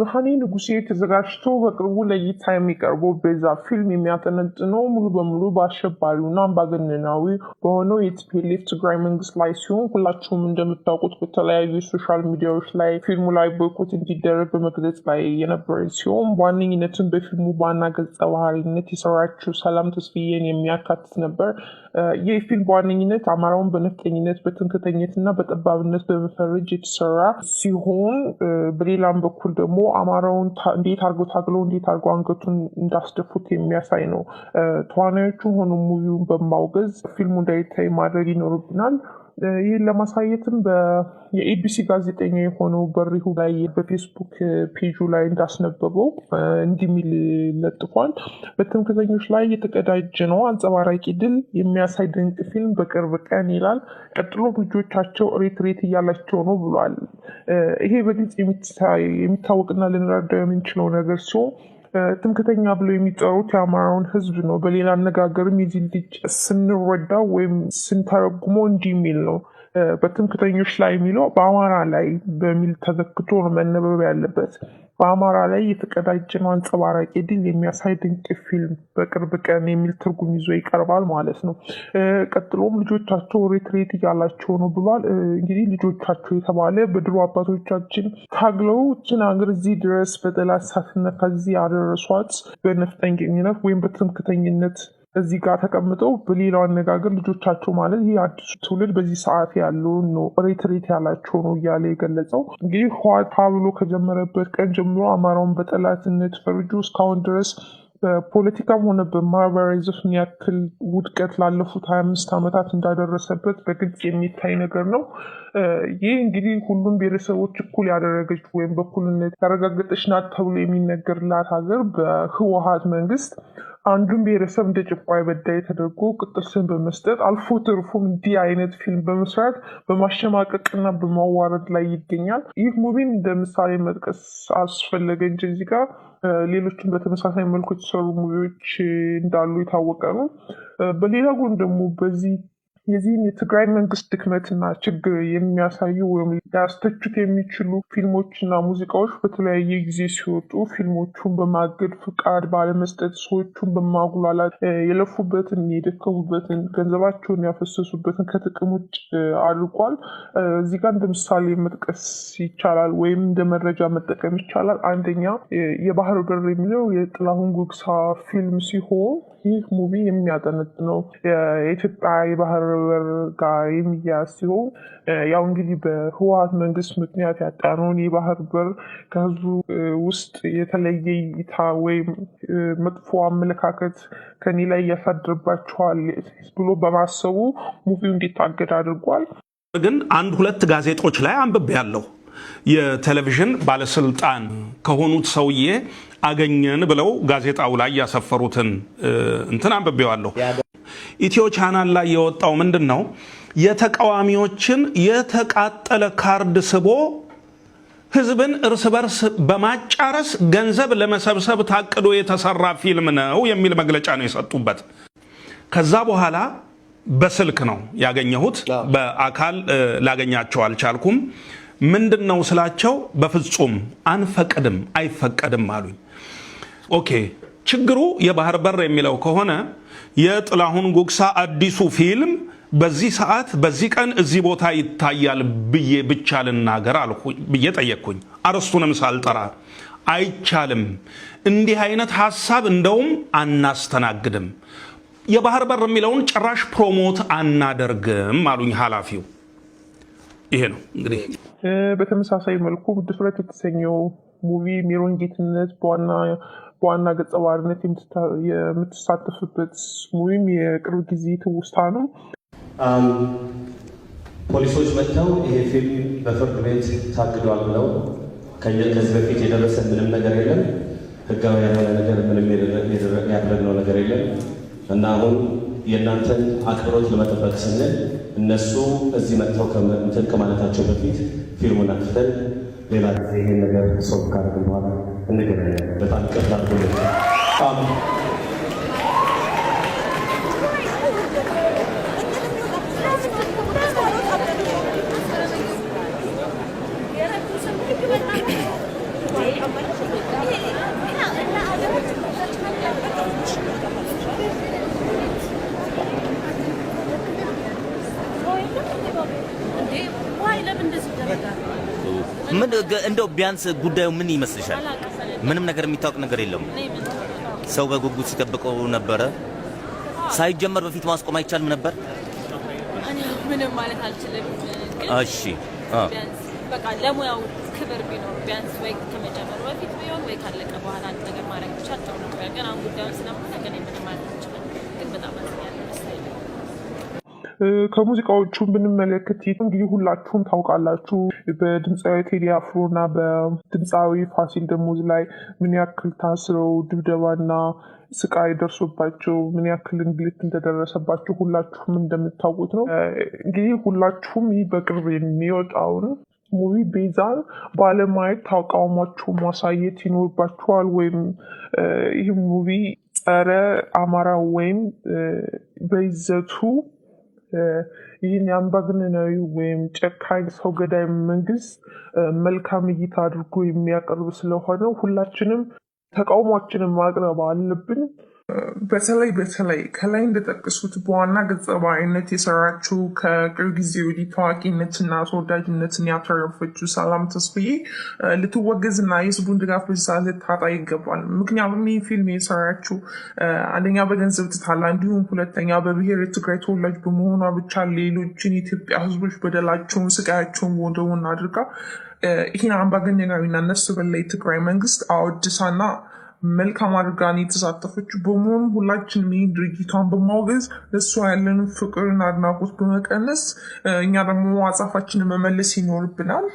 ብርሃኔ ንጉሴ ተዘጋጅቶ በቅርቡ ለእይታ የሚቀርበው ቤዛ ፊልም የሚያጠነጥነው ሙሉ በሙሉ በአሸባሪውና አምባገነናዊ በሆነው የቲፒኤልኤፍ ትግራይ መንግስት ላይ ሲሆን ሁላችሁም እንደምታውቁት በተለያዩ የሶሻል ሚዲያዎች ላይ ፊልሙ ላይ ቦይኮት እንዲደረግ በመግለጽ ላይ የነበረ ሲሆን በዋነኝነትም በፊልሙ ዋና ገጸ ባህሪነት የሰራችው ሰላም ተስፍዬን የሚያካትት ነበር። ይህ ፊልም በዋነኝነት አማራውን በነፍጠኝነት በትምክህተኝነትና በጠባብነት በመፈረጅ የተሰራ ሲሆን በሌላም በኩል ደግሞ አማራውን እንዴት አርጎ ታግሎ እንዴት አርጎ አንገቱን እንዳስደፉት የሚያሳይ ነው። ተዋናዮቹ ሆኑ ሙቪውን በማውገዝ ፊልሙ እንዳይታይ ማድረግ ይኖርብናል። ይህን ለማሳየትም የኤቢሲ ጋዜጠኛ የሆነው በሪሁ ላይ በፌስቡክ ፔጁ ላይ እንዳስነበበው እንዲህ የሚል ለጥፏል። በትምክተኞች ላይ የተቀዳጀ ነው አንጸባራቂ ድል የሚያሳይ ድንቅ ፊልም በቅርብ ቀን ይላል። ቀጥሎ ልጆቻቸው ሬት ሬት እያላቸው ነው ብሏል። ይሄ በግልጽ የሚታወቅና ልንረዳው የምንችለው ነገር ሲሆን ትምክተኛ ብሎ የሚጠሩት የአማራውን ህዝብ ነው። በሌላ አነጋገርም የዚህ ልጅ ስንረዳ ወይም ስንተረጉሞ እንዲህ የሚል ነው በትምክተኞች ላይ የሚለው በአማራ ላይ በሚል ተዘክቶ ነው መነበብ ያለበት። በአማራ ላይ የተቀዳጀን አንጸባራቂ ድል የሚያሳይ ድንቅ ፊልም በቅርብ ቀን የሚል ትርጉም ይዞ ይቀርባል ማለት ነው። ቀጥሎም ልጆቻቸው ሬትሬት እያላቸው ነው ብሏል። እንግዲህ ልጆቻቸው የተባለ በድሮ አባቶቻችን ታግለው ችን ሀገር እዚህ ድረስ በጠላት ሳትነካ እዚህ ያደረሷት በነፍጠኝነት ወይም በትምክተኝነት እዚህ ጋር ተቀምጠው በሌላው አነጋገር ልጆቻቸው ማለት ይህ አዲሱ ትውልድ በዚህ ሰዓት ያሉ ነው ሬትሬት ያላቸው ነው እያለ የገለጸው እንግዲህ ህወሓት ብሎ ከጀመረበት ቀን ጀምሮ አማራውን በጠላትነት ፈርጆ እስካሁን ድረስ በፖለቲካም ሆነ በማህበራይዜሽን ያክል ውድቀት ላለፉት ሀያ አምስት ዓመታት እንዳደረሰበት በግልጽ የሚታይ ነገር ነው። ይህ እንግዲህ ሁሉም ብሔረሰቦች እኩል ያደረገች ወይም በኩልነት ያረጋገጠች ናት ተብሎ የሚነገርላት ሀገር በህወሀት መንግስት አንዱን ብሔረሰብ እንደ ጭቋይ በዳይ ተደርጎ ቅጥል ስም በመስጠት አልፎ ተርፎም እንዲህ አይነት ፊልም በመስራት በማሸማቀቅና በማዋረድ ላይ ይገኛል። ይህ ሙቪን እንደ ምሳሌ መጥቀስ አስፈለገ እንጂ እዚህ ጋር ሌሎችም በተመሳሳይ መልኩ የተሰሩ ሙቪዎች እንዳሉ የታወቀ ነው። በሌላ ጎን ደግሞ በዚህ የዚህን የትግራይ መንግስት ድክመትና ችግር የሚያሳዩ ወይም ሊያስተቹት የሚችሉ ፊልሞችና ሙዚቃዎች በተለያየ ጊዜ ሲወጡ ፊልሞቹን በማገድ ፍቃድ ባለመስጠት፣ ሰዎቹን በማጉላላት የለፉበትን የደከሙበትን ገንዘባቸውን ያፈሰሱበትን ከጥቅም ውጭ አድርጓል። እዚህ ጋር እንደምሳሌ መጥቀስ ይቻላል ወይም እንደ መረጃ መጠቀም ይቻላል። አንደኛ የባህር በር የሚለው የጥላሁን ጉግሳ ፊልም ሲሆን ይህ ሙቪ የሚያጠነጥነው የኢትዮጵያ የባህር በር ጋር የሚያያዝ ሲሆን ያው እንግዲህ በህወሀት መንግስት ምክንያት ያጣነውን የባህር በር ከህዝቡ ውስጥ የተለየ እይታ ወይም መጥፎ አመለካከት ከኔ ላይ ያሳድርባቸዋል ብሎ በማሰቡ ሙቪው እንዲታገድ አድርጓል። ግን አንድ ሁለት ጋዜጦች ላይ አንብቤ ያለው የቴሌቪዥን ባለስልጣን ከሆኑት ሰውዬ አገኘን ብለው ጋዜጣው ላይ ያሰፈሩትን እንትን አንብቤዋለሁ። ኢትዮ ቻናል ላይ የወጣው ምንድን ነው? የተቃዋሚዎችን የተቃጠለ ካርድ ስቦ ህዝብን እርስ በርስ በማጫረስ ገንዘብ ለመሰብሰብ ታቅዶ የተሰራ ፊልም ነው የሚል መግለጫ ነው የሰጡበት። ከዛ በኋላ በስልክ ነው ያገኘሁት፣ በአካል ላገኛቸው አልቻልኩም። ምንድን ነው ስላቸው፣ በፍጹም አንፈቅድም፣ አይፈቀድም አሉኝ። ኦኬ ችግሩ የባህር በር የሚለው ከሆነ የጥላሁን ጉግሳ አዲሱ ፊልም በዚህ ሰዓት በዚህ ቀን እዚህ ቦታ ይታያል ብዬ ብቻ ልናገር ብዬ ጠየቅኩኝ። አርስቱንም ሳልጠራ አይቻልም። እንዲህ አይነት ሀሳብ እንደውም አናስተናግድም። የባህር በር የሚለውን ጭራሽ ፕሮሞት አናደርግም አሉኝ ኃላፊው። ይሄ ነው እንግዲህ በተመሳሳይ መልኩ ድፍረት የተሰኘው ሙቪ ሜሮን ጌትነት በዋና ገጸ ባህሪነት የምትሳተፍበት ሙቪም የቅርብ ጊዜ ትውስታ ነው። ፖሊሶች መጥተው ይሄ ፊልም በፍርድ ቤት ታግዷል ብለው ከዚህ በፊት የደረሰ ምንም ነገር የለም፣ ህጋዊ ያልሆነ ነገር ምንም ያደረግነው ነገር የለም እና አሁን የእናንተን አክብሮት ለመጠበቅ ስንል እነሱ እዚህ መጥተው እንትን ከማለታቸው በፊት ፊልሙን አጥፍተን ሌላ ጊዜ ይሄን ነገር ሰው ካደረግን በኋላ እንገናኛለን። በጣም ይቅርታ አድርጉልኝ። ምን እንደው ቢያንስ ጉዳዩ ምን ይመስልሻል? ምንም ነገር የሚታወቅ ነገር የለም። ሰው በጉጉት ሲጠብቀው ነበረ። ሳይጀመር በፊት ማስቆም አይቻልም ነበር? ምንም ማለት አልችልም። እሺ በቃ ለሙያው ክብር ቢኖር ቢያንስ ወይ ከመጀመሩ በፊት ቢሆን ወይ ካለቀ በኋላ ነገር ማድረግ ብቻ ጥሩ ነበር። ግን አሁን ጉዳዩን ምንም ከሙዚቃዎቹ ብንመለከት እንግዲህ ሁላችሁም ታውቃላችሁ በድምፃዊ ቴዲ አፍሮ እና በድምፃዊ ፋሲል ደሞዝ ላይ ምን ያክል ታስረው ድብደባና ስቃይ ደርሶባቸው ምን ያክል እንግልት እንደደረሰባቸው ሁላችሁም እንደምታውቁት ነው። እንግዲህ ሁላችሁም ይህ በቅርብ የሚወጣውን ሙቪ ቤዛ ባለማየት ተቃውሟችሁ ማሳየት ይኖርባችኋል። ወይም ይህ ሙቪ ጸረ አማራ ወይም በይዘቱ ይህን የአምባገነናዊ ወይም ጨካኝ ሰው ገዳይ መንግስት መልካም እይታ አድርጎ የሚያቀርብ ስለሆነ ሁላችንም ተቃውሟችንን ማቅረብ አለብን። በተለይ በተለይ ከላይ እንደጠቀሱት በዋና ገጸ ባህሪነት የሰራችው ከቅርብ ጊዜ ወዲህ ታዋቂነትና ተወዳጅነትን ያተረፈችው ሰላም ተስፋዬ ልትወገዝና የሕዝቡን ድጋፍ በሳት ልታጣ ይገባል። ምክንያቱም ይህ ፊልም የሰራችው አንደኛ በገንዘብ ትታላ፣ እንዲሁም ሁለተኛ በብሔር የትግራይ ተወላጅ በመሆኗ ብቻ ሌሎችን የኢትዮጵያ ህዝቦች በደላቸውን ስቃያቸውን ወደውን አድርጋ ይህን አምባገነናዊና ነፍስ በላይ ትግራይ መንግስት አወድሳና መልካም አድርጋን የተሳተፈች በመሆኑ ሁላችንም ይህ ድርጊቷን በማውገዝ ለእሷ ያለንን ፍቅርን አድናቆት በመቀነስ እኛ ደግሞ አጻፋችንን መመለስ ይኖርብናል።